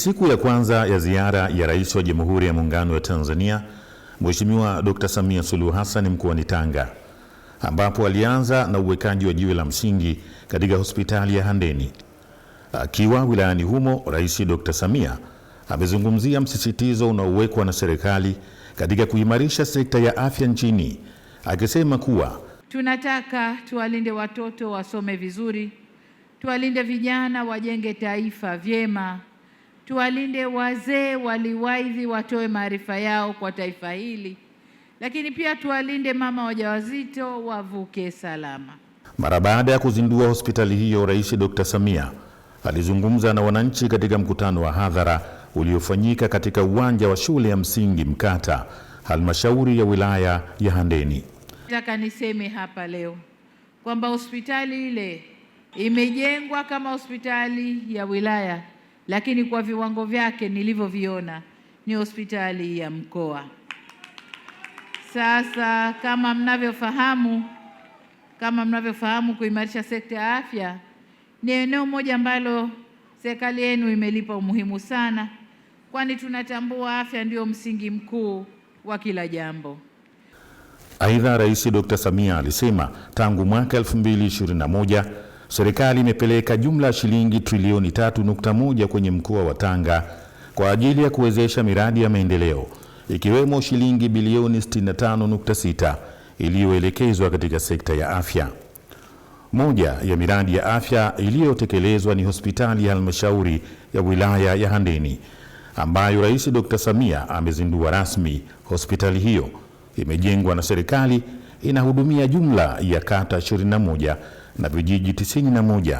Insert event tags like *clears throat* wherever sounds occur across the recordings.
siku ya kwanza ya ziara ya Rais wa Jamhuri ya Muungano wa Tanzania Mheshimiwa Dr. Samia Suluhu Hassan mkoani Tanga, ambapo alianza na uwekaji wa jiwe la msingi katika hospitali ya Handeni. Akiwa wilayani humo, Rais Dr. Samia amezungumzia msisitizo unaowekwa na serikali katika kuimarisha sekta ya afya nchini, akisema kuwa tunataka tuwalinde watoto wasome vizuri, tuwalinde vijana wajenge taifa vyema tuwalinde wazee waliwaidhi, watoe maarifa yao kwa taifa hili, lakini pia tuwalinde mama wajawazito wavuke salama. Mara baada ya kuzindua hospitali hiyo, Rais Dr. Samia alizungumza na wananchi katika mkutano wa hadhara uliofanyika katika uwanja wa shule ya msingi Mkata, halmashauri ya wilaya ya Handeni. Nataka niseme hapa leo kwamba hospitali ile imejengwa kama hospitali ya wilaya lakini kwa viwango vyake nilivyoviona ni hospitali ya mkoa. Sasa kama mnavyofahamu, kama mnavyofahamu, kuimarisha sekta ya afya ni eneo moja ambalo serikali yenu imelipa umuhimu sana, kwani tunatambua afya ndio msingi mkuu wa kila jambo. Aidha, Rais Dr. Samia alisema tangu mwaka 2021 serikali imepeleka jumla ya shilingi trilioni 3.1 kwenye mkoa wa Tanga kwa ajili ya kuwezesha miradi ya maendeleo ikiwemo shilingi bilioni 65.6 iliyoelekezwa katika sekta ya afya. Moja ya miradi ya afya iliyotekelezwa ni hospitali ya halmashauri ya wilaya ya Handeni ambayo Rais Dr. Samia amezindua rasmi. Hospitali hiyo imejengwa na serikali, inahudumia jumla ya kata 21 na vijiji 91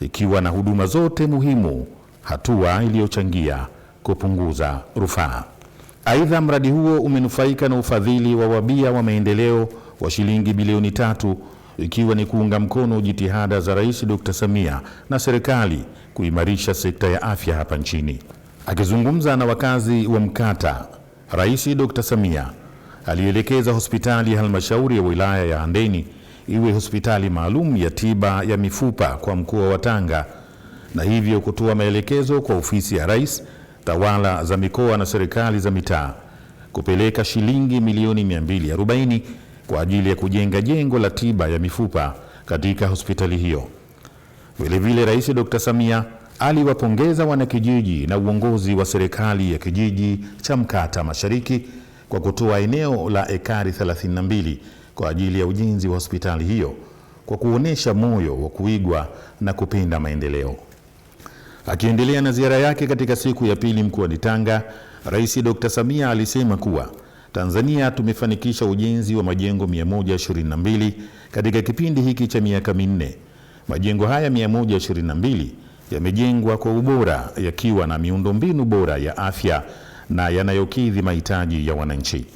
ikiwa na huduma zote muhimu, hatua iliyochangia kupunguza rufaa. Aidha, mradi huo umenufaika na ufadhili wa wabia wa maendeleo wa shilingi bilioni tatu ikiwa ni kuunga mkono jitihada za Rais Dr. Samia na serikali kuimarisha sekta ya afya hapa nchini. Akizungumza na wakazi wa Mkata, Rais Dr. Samia alielekeza hospitali ya halmashauri ya wilaya ya Handeni iwe hospitali maalum ya tiba ya mifupa kwa mkoa wa Tanga na hivyo kutoa maelekezo kwa ofisi ya Rais, tawala za mikoa na serikali za mitaa kupeleka shilingi milioni 240 kwa ajili ya kujenga jengo la tiba ya mifupa katika hospitali hiyo. Vilevile, Rais Dr. Samia aliwapongeza wanakijiji na uongozi wa serikali ya kijiji cha Mkata Mashariki kwa kutoa eneo la ekari 32 kwa ajili ya ujenzi wa hospitali hiyo kwa kuonesha moyo wa kuigwa na kupenda maendeleo. Akiendelea na ziara yake katika siku ya pili mkoani Tanga, Rais Dr. Samia alisema kuwa Tanzania tumefanikisha ujenzi wa majengo 122 katika kipindi hiki cha miaka minne. Majengo haya 122 yamejengwa kwa ubora yakiwa na miundombinu bora ya afya na yanayokidhi mahitaji ya wananchi.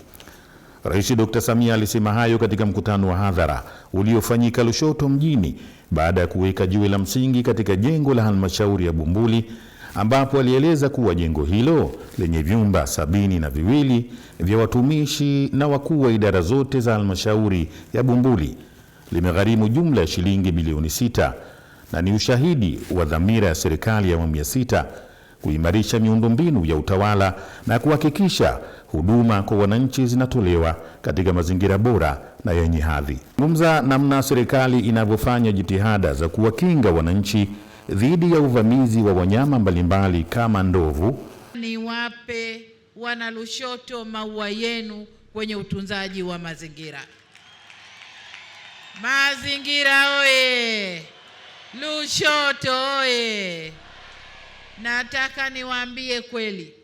Rais Dr. Samia alisema hayo katika mkutano wa hadhara uliofanyika Lushoto mjini baada ya kuweka jiwe la msingi katika jengo la halmashauri ya Bumbuli ambapo alieleza kuwa jengo hilo lenye vyumba sabini na viwili vya watumishi na wakuu wa idara zote za halmashauri ya Bumbuli limegharimu jumla ya shilingi bilioni sita na ni ushahidi wa dhamira ya serikali ya awamu ya sita kuimarisha miundombinu ya utawala na kuhakikisha huduma kwa wananchi zinatolewa katika mazingira bora na yenye hadhi. Zungumza namna serikali inavyofanya jitihada za kuwakinga wananchi dhidi ya uvamizi wa wanyama mbalimbali kama ndovu. Niwape wana Lushoto maua yenu kwenye utunzaji wa mazingira. Mazingira oye! Lushoto oye! Nataka niwaambie kweli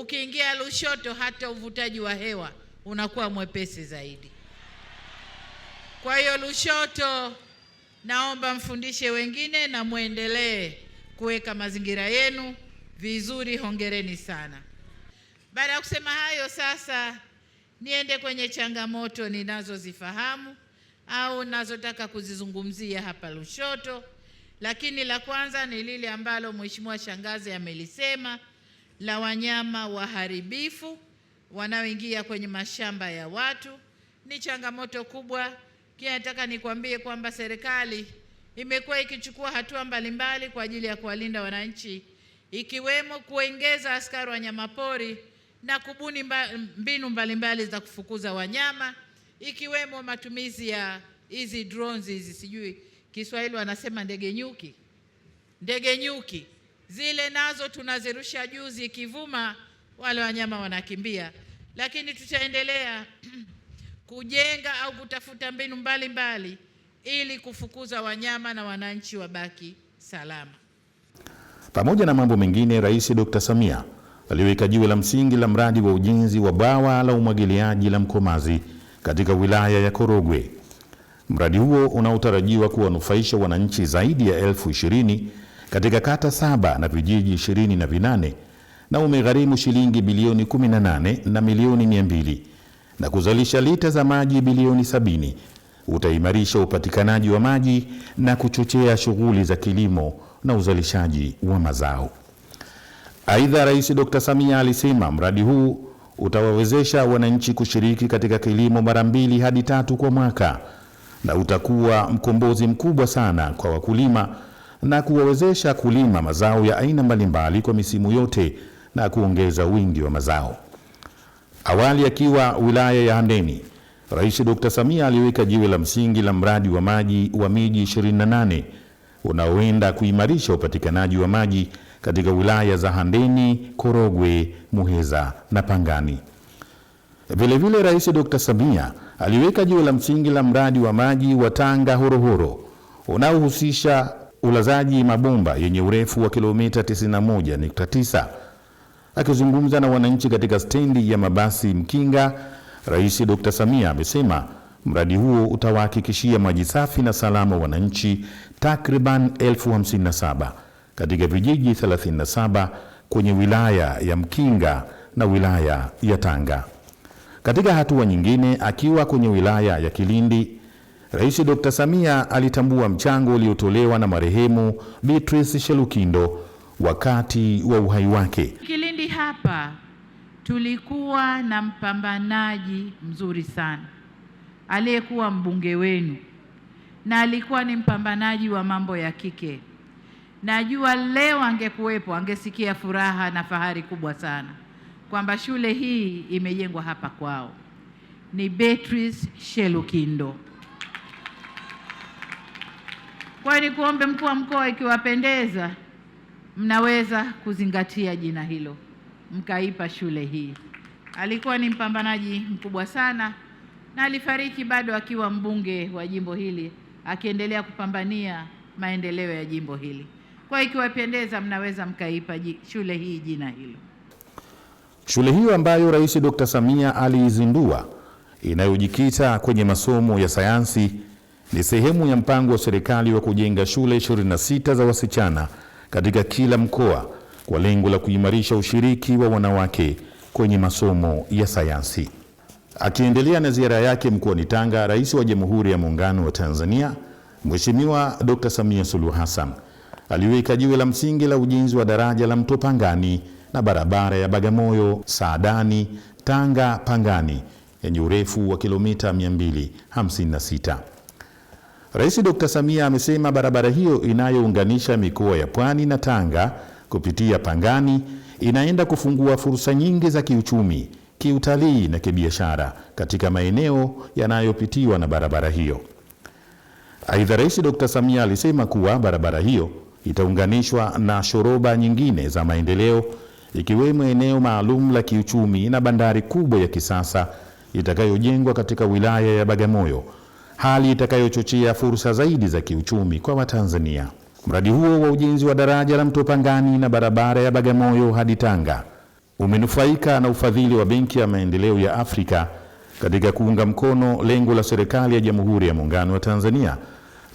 Ukiingia Lushoto hata uvutaji wa hewa unakuwa mwepesi zaidi. Kwa hiyo Lushoto, naomba mfundishe wengine na mwendelee kuweka mazingira yenu vizuri. Hongereni sana. Baada ya kusema hayo, sasa niende kwenye changamoto ninazozifahamu au ninazotaka kuzizungumzia hapa Lushoto, lakini la kwanza ni lile ambalo Mheshimiwa Shangazi amelisema la wanyama waharibifu wanaoingia kwenye mashamba ya watu ni changamoto kubwa. Pia nataka nikwambie kwamba serikali imekuwa ikichukua hatua mbalimbali kwa ajili ya kuwalinda wananchi, ikiwemo kuongeza askari wanyamapori na kubuni mba, mbinu mbalimbali za kufukuza wanyama ikiwemo matumizi ya hizi drones hizi, sijui Kiswahili wanasema ndege nyuki, ndege nyuki zile nazo tunazirusha juu, zikivuma wale wanyama wanakimbia. Lakini tutaendelea *clears throat* kujenga au kutafuta mbinu mbalimbali mbali, ili kufukuza wanyama na wananchi wabaki salama. Pamoja na mambo mengine, Rais Dr. Samia aliweka jiwe la msingi la mradi wa ujenzi wa bwawa la umwagiliaji la Mkomazi katika wilaya ya Korogwe. Mradi huo unaotarajiwa kuwanufaisha wananchi zaidi ya elfu ishirini katika kata saba na vijiji ishirini na vinane na umegharimu shilingi bilioni 18 na milioni 200 na kuzalisha lita za maji bilioni sabini Utaimarisha upatikanaji wa maji na kuchochea shughuli za kilimo na uzalishaji wa mazao. Aidha, Rais Dr. Samia alisema mradi huu utawawezesha wananchi kushiriki katika kilimo mara mbili hadi tatu kwa mwaka na utakuwa mkombozi mkubwa sana kwa wakulima na kuwawezesha kulima mazao ya aina mbalimbali kwa misimu yote na kuongeza wingi wa mazao. Awali akiwa wilaya ya Handeni, Rais Dr. Samia aliweka jiwe la msingi la mradi wa maji wa miji 28 unaoenda kuimarisha upatikanaji wa maji katika wilaya za Handeni, Korogwe, Muheza na Pangani. Vilevile, Rais Dr. Samia aliweka jiwe la msingi la mradi wa maji wa Tanga Horohoro unaohusisha ulazaji mabomba yenye urefu wa kilomita 91.9. Akizungumza na wananchi katika stendi ya mabasi Mkinga, Rais Dr. Samia amesema mradi huo utawahakikishia maji safi na salama wananchi takriban elfu katika vijiji 37 kwenye wilaya ya Mkinga na wilaya ya Tanga. Katika hatua nyingine, akiwa kwenye wilaya ya Kilindi Rais Dr. Samia alitambua mchango uliotolewa na marehemu Beatrice Shelukindo wakati wa uhai wake. Kilindi hapa tulikuwa na mpambanaji mzuri sana aliyekuwa mbunge wenu na alikuwa ni mpambanaji wa mambo ya kike. Najua leo angekuwepo angesikia furaha na fahari kubwa sana kwamba shule hii imejengwa hapa kwao. Ni Beatrice Shelukindo. Kwa hiyo nikuombe mkuu wa mkoa, ikiwapendeza, mnaweza kuzingatia jina hilo mkaipa shule hii. Alikuwa ni mpambanaji mkubwa sana na alifariki bado akiwa mbunge wa jimbo hili akiendelea kupambania maendeleo ya jimbo hili. Kwa hiyo ikiwapendeza, mnaweza mkaipa shule hii jina hilo. Shule hiyo ambayo Rais Dr. Samia aliizindua inayojikita kwenye masomo ya sayansi ni sehemu ya mpango wa serikali wa kujenga shule 26 za wasichana katika kila mkoa kwa lengo la kuimarisha ushiriki wa wanawake kwenye masomo ya sayansi. Akiendelea na ziara yake mkoani Tanga, Rais wa Jamhuri ya Muungano wa Tanzania Mheshimiwa Dr. Samia Suluhu Hassan aliweka jiwe la msingi la ujenzi wa daraja la Mto Pangani na barabara ya Bagamoyo Saadani Tanga Pangani yenye urefu wa kilomita 256. Rais Dr. Samia amesema barabara hiyo inayounganisha mikoa ya Pwani na Tanga kupitia Pangani inaenda kufungua fursa nyingi za kiuchumi, kiutalii na kibiashara katika maeneo yanayopitiwa na barabara hiyo. Aidha, Rais Dr. Samia alisema kuwa barabara hiyo itaunganishwa na shoroba nyingine za maendeleo ikiwemo eneo maalum la kiuchumi na bandari kubwa ya kisasa itakayojengwa katika wilaya ya Bagamoyo hali itakayochochea fursa zaidi za kiuchumi kwa Watanzania. Mradi huo wa ujenzi wa daraja la Mto Pangani na barabara ya Bagamoyo hadi Tanga umenufaika na ufadhili wa Benki ya Maendeleo ya Afrika katika kuunga mkono lengo la serikali ya Jamhuri ya Muungano wa Tanzania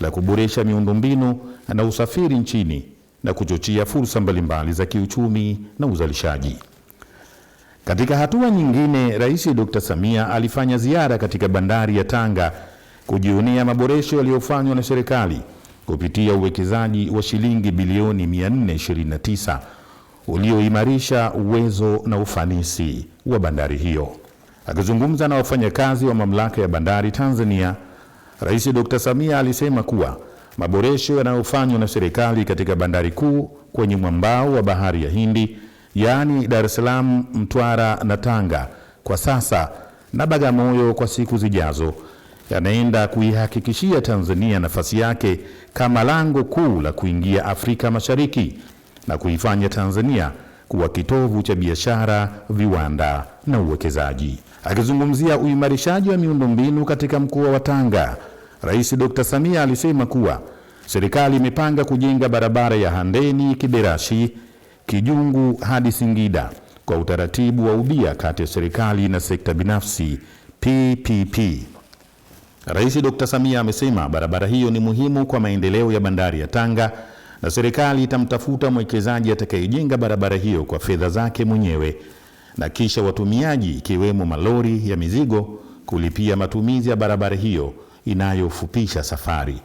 la kuboresha miundombinu na usafiri nchini na kuchochea fursa mbalimbali za kiuchumi na uzalishaji. Katika hatua nyingine, Rais Dr. Samia alifanya ziara katika bandari ya Tanga kujionea maboresho yaliyofanywa na serikali kupitia uwekezaji wa shilingi bilioni 429 ulioimarisha uwezo na ufanisi wa bandari hiyo. Akizungumza na wafanyakazi wa mamlaka ya bandari Tanzania, Rais Dr. Samia alisema kuwa maboresho yanayofanywa na serikali katika bandari kuu kwenye mwambao wa bahari ya Hindi, yaani Dar es Salaam, Mtwara na Tanga kwa sasa na Bagamoyo kwa siku zijazo yanaenda kuihakikishia Tanzania nafasi yake kama lango kuu la kuingia Afrika Mashariki na kuifanya Tanzania kuwa kitovu cha biashara, viwanda na uwekezaji. Akizungumzia uimarishaji wa miundombinu katika mkoa wa Tanga, Rais Dr. Samia alisema kuwa serikali imepanga kujenga barabara ya Handeni, Kiberashi, Kijungu hadi Singida kwa utaratibu wa ubia kati ya serikali na sekta binafsi PPP. Rais Dr. Samia amesema barabara hiyo ni muhimu kwa maendeleo ya bandari ya Tanga na serikali itamtafuta mwekezaji atakayejenga barabara hiyo kwa fedha zake mwenyewe na kisha watumiaji ikiwemo malori ya mizigo kulipia matumizi ya barabara hiyo inayofupisha safari.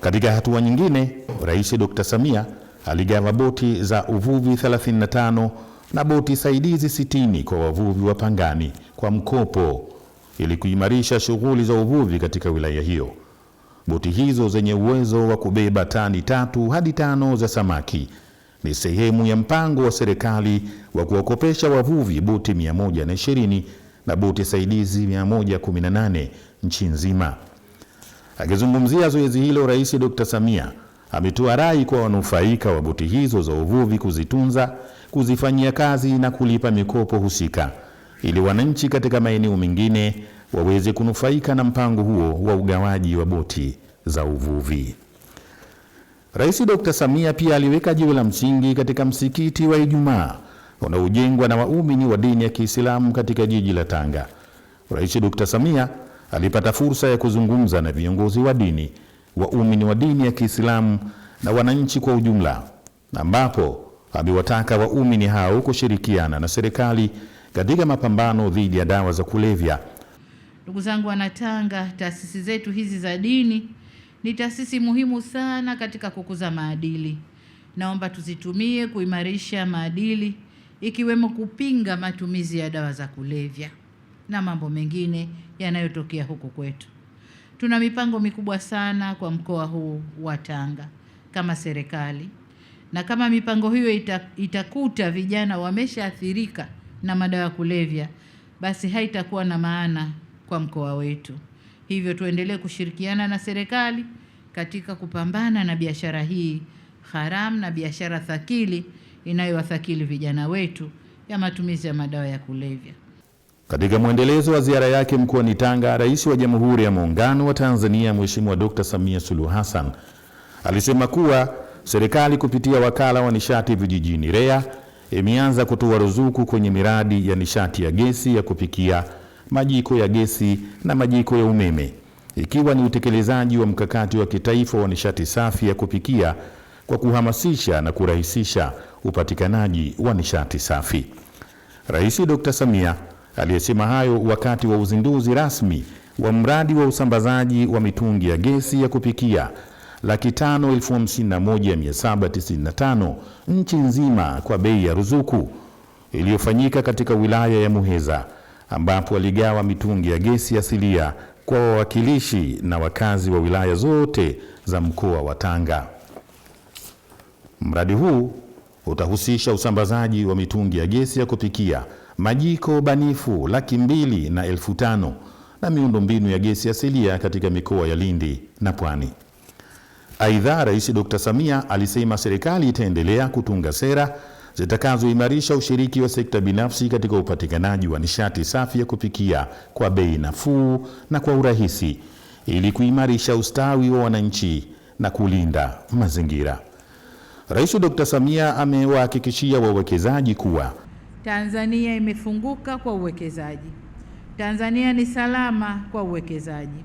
Katika hatua nyingine, Rais Dr. Samia aligawa boti za uvuvi 35 na boti saidizi 60 kwa wavuvi wa pangani kwa mkopo ili kuimarisha shughuli za uvuvi katika wilaya hiyo. Boti hizo zenye uwezo wa kubeba tani tatu hadi tano za samaki ni sehemu ya mpango wa serikali wa kuwakopesha wavuvi boti 120 na boti saidizi 118 nchi nzima. Akizungumzia zoezi hilo, Rais Dr. Samia ametoa rai kwa wanufaika wa boti hizo za uvuvi kuzitunza, kuzifanyia kazi na kulipa mikopo husika ili wananchi katika maeneo mengine waweze kunufaika na mpango huo wa ugawaji wa boti za uvuvi. Rais Dr. Samia pia aliweka jiwe la msingi katika msikiti wa Ijumaa unaojengwa na waumini wa dini ya Kiislamu katika jiji la Tanga. Rais Dr. Samia alipata fursa ya kuzungumza na viongozi wa dini, waumini wa dini ya Kiislamu na wananchi kwa ujumla, ambapo amewataka waumini hao kushirikiana na serikali katika mapambano dhidi ya dawa za kulevya. Ndugu zangu Wanatanga, taasisi zetu hizi za dini ni taasisi muhimu sana katika kukuza maadili. Naomba tuzitumie kuimarisha maadili, ikiwemo kupinga matumizi ya dawa za kulevya na mambo mengine yanayotokea huku kwetu. Tuna mipango mikubwa sana kwa mkoa huu wa Tanga kama serikali, na kama mipango hiyo itakuta vijana wameshaathirika na madawa ya kulevya, basi haitakuwa na maana kwa mkoa wetu. Hivyo tuendelee kushirikiana na serikali katika kupambana na biashara hii haramu na biashara thakili inayowathakili vijana wetu ya matumizi ya madawa ya kulevya. Katika mwendelezo wa ziara yake mkoani Tanga, Rais wa Jamhuri ya Muungano wa Tanzania Mheshimiwa Dkt. Samia Suluhu Hassan alisema kuwa serikali kupitia wakala wa nishati vijijini REA imeanza kutoa ruzuku kwenye miradi ya nishati ya gesi ya kupikia, majiko ya gesi na majiko ya umeme, ikiwa ni utekelezaji wa mkakati wa kitaifa wa nishati safi ya kupikia kwa kuhamasisha na kurahisisha upatikanaji wa nishati safi. Rais Dr. Samia aliyesema hayo wakati wa uzinduzi rasmi wa mradi wa usambazaji wa mitungi ya gesi ya kupikia laki tano elfu hamsini na moja mia saba tisini na tano nchi nzima kwa bei ya ruzuku iliyofanyika katika wilaya ya Muheza ambapo aligawa mitungi ya gesi asilia kwa wawakilishi na wakazi wa wilaya zote za mkoa wa Tanga. Mradi huu utahusisha usambazaji wa mitungi ya gesi ya kupikia, majiko banifu laki mbili na elfu tano na miundombinu ya gesi asilia katika mikoa ya Lindi na Pwani. Aidha, Rais Dr. Samia alisema serikali itaendelea kutunga sera zitakazoimarisha ushiriki wa sekta binafsi katika upatikanaji wa nishati safi ya kupikia kwa bei nafuu na kwa urahisi ili kuimarisha ustawi wa wananchi na kulinda mazingira. Rais Dr. Samia amewahakikishia wawekezaji kuwa Tanzania imefunguka kwa uwekezaji. Tanzania ni salama kwa uwekezaji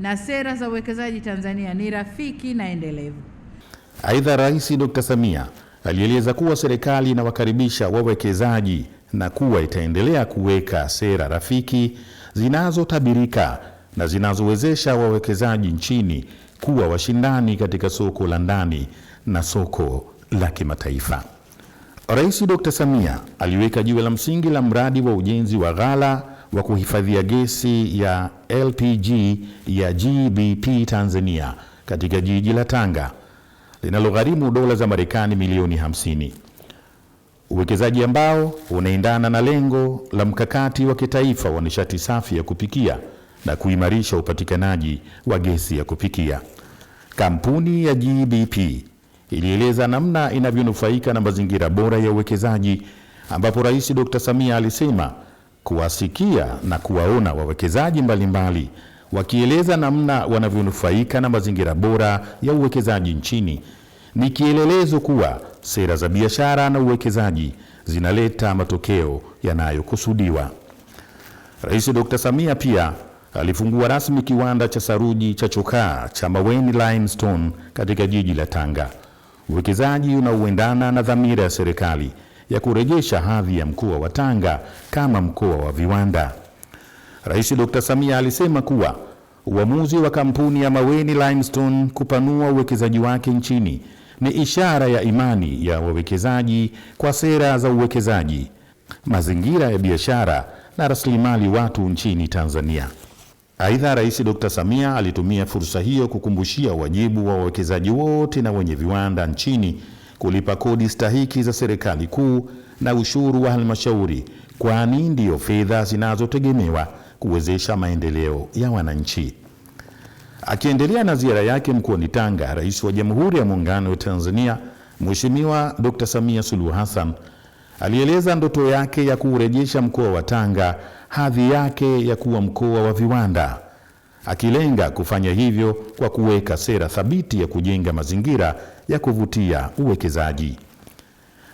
na sera za uwekezaji Tanzania ni rafiki na endelevu. Aidha, Rais Dr. Samia alieleza kuwa serikali inawakaribisha wawekezaji na kuwa itaendelea kuweka sera rafiki zinazotabirika na zinazowezesha wawekezaji nchini kuwa washindani katika soko la ndani na soko la kimataifa. Rais Dr. Samia aliweka jiwe la msingi la mradi wa ujenzi wa ghala wa kuhifadhia gesi ya LPG ya GBP Tanzania katika jiji la Tanga linalogharimu dola za Marekani milioni 50, uwekezaji ambao unaendana na lengo la mkakati wa kitaifa wa nishati safi ya kupikia na kuimarisha upatikanaji wa gesi ya kupikia. Kampuni ya GBP ilieleza namna inavyonufaika na mazingira bora ya uwekezaji ambapo Rais Dr. Samia alisema kuwasikia na kuwaona wawekezaji mbalimbali wakieleza namna wanavyonufaika na mazingira bora ya uwekezaji nchini ni kielelezo kuwa sera za biashara na uwekezaji zinaleta matokeo yanayokusudiwa. Rais Dr. Samia pia alifungua rasmi kiwanda cha saruji cha chokaa cha Maweni Limestone katika jiji la Tanga, uwekezaji unaoendana na dhamira ya serikali ya kurejesha hadhi ya mkoa wa Tanga kama mkoa wa viwanda. Rais Dr. Samia alisema kuwa uamuzi wa kampuni ya Maweni Limestone kupanua uwekezaji wake nchini ni ishara ya imani ya wawekezaji kwa sera za uwekezaji, mazingira ya biashara na rasilimali watu nchini Tanzania. Aidha, Rais Dr. Samia alitumia fursa hiyo kukumbushia wajibu wa wawekezaji wote na wenye viwanda nchini kulipa kodi stahiki za serikali kuu na ushuru wa halmashauri, kwani ndiyo fedha zinazotegemewa kuwezesha maendeleo ya wananchi. Akiendelea na ziara yake mkoani Tanga, Rais wa Jamhuri ya Muungano wa Tanzania Mheshimiwa Dr. Samia Suluhu Hassan alieleza ndoto yake ya kuurejesha mkoa wa Tanga hadhi yake ya kuwa mkoa wa viwanda, akilenga kufanya hivyo kwa kuweka sera thabiti ya kujenga mazingira ya kuvutia uwekezaji.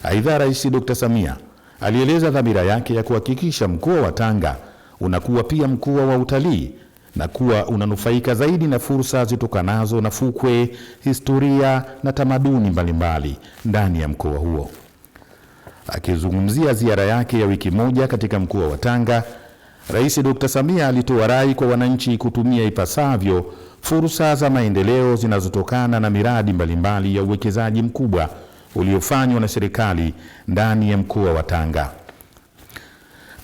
Aidha, Rais Dr. Samia alieleza dhamira yake ya kuhakikisha mkoa wa Tanga unakuwa pia mkoa wa utalii na kuwa unanufaika zaidi na fursa zitokanazo na fukwe, historia na tamaduni mbalimbali ndani ya mkoa huo. Akizungumzia ziara yake ya wiki moja katika mkoa wa Tanga Rais Dr. Samia alitoa rai kwa wananchi kutumia ipasavyo fursa za maendeleo zinazotokana na miradi mbalimbali ya uwekezaji mkubwa uliofanywa na serikali ndani ya mkoa wa Tanga.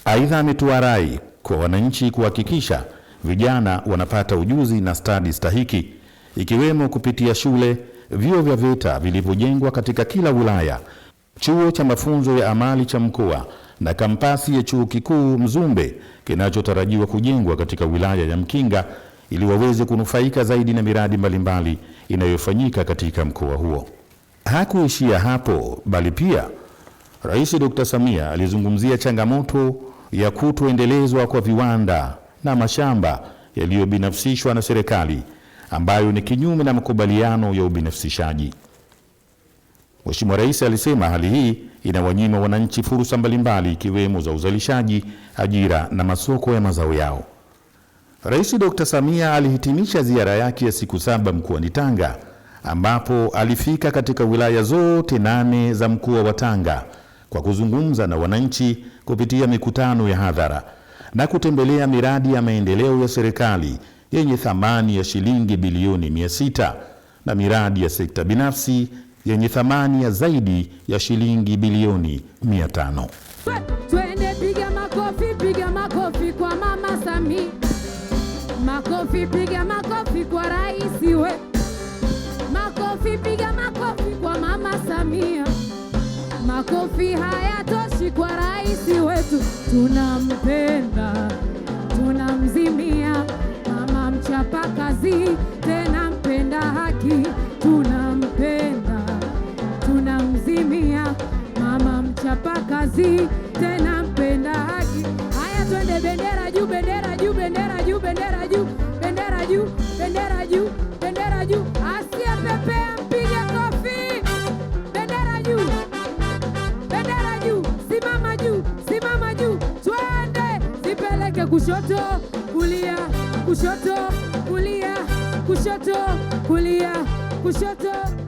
Aidha, ametoa rai kwa wananchi kuhakikisha vijana wanapata ujuzi na stadi stahiki ikiwemo kupitia shule, vyuo vya VETA vilivyojengwa katika kila wilaya, chuo cha mafunzo ya amali cha mkoa na kampasi ya chuo kikuu Mzumbe kinachotarajiwa kujengwa katika wilaya ya Mkinga ili waweze kunufaika zaidi na miradi mbalimbali inayofanyika katika mkoa huo. Hakuishia hapo, bali pia Rais Dr. Samia alizungumzia changamoto ya kutoendelezwa kwa viwanda na mashamba yaliyobinafsishwa na serikali ambayo ni kinyume na makubaliano ya ubinafsishaji. Mheshimiwa Rais alisema hali hii inawanyima wananchi fursa mbalimbali ikiwemo za uzalishaji, ajira na masoko ya mazao yao. Rais Dr. Samia alihitimisha ziara yake ya siku saba mkoani Tanga ambapo alifika katika wilaya zote nane za mkoa wa Tanga kwa kuzungumza na wananchi kupitia mikutano ya hadhara na kutembelea miradi ya maendeleo ya serikali yenye thamani ya shilingi bilioni sita na miradi ya sekta binafsi yenye thamani ya zaidi ya shilingi bilioni 500. Twende piga makofi, piga makofi kwa Mama sami Makofi, piga makofi kwa raisi we. Makofi, piga makofi kwa Mama Samia. Makofi hayatoshi kwa rais wetu, tunampenda, tunamzimia. Mama mchapa kazi, tena mpenda haki, tunampenda tunamzimia mama mchapa kazi tena mpenda haki. Haya, twende bendera juu, bendera juu, bendera juu, bendera juu, bendera juu, bendera juu, bendera juu, pepea mpige kofi. Bendera juu, bendera juu, simama juu, simama juu, twende zipeleke kushoto, kulia, kushoto, kulia, kushoto, kulia, kushoto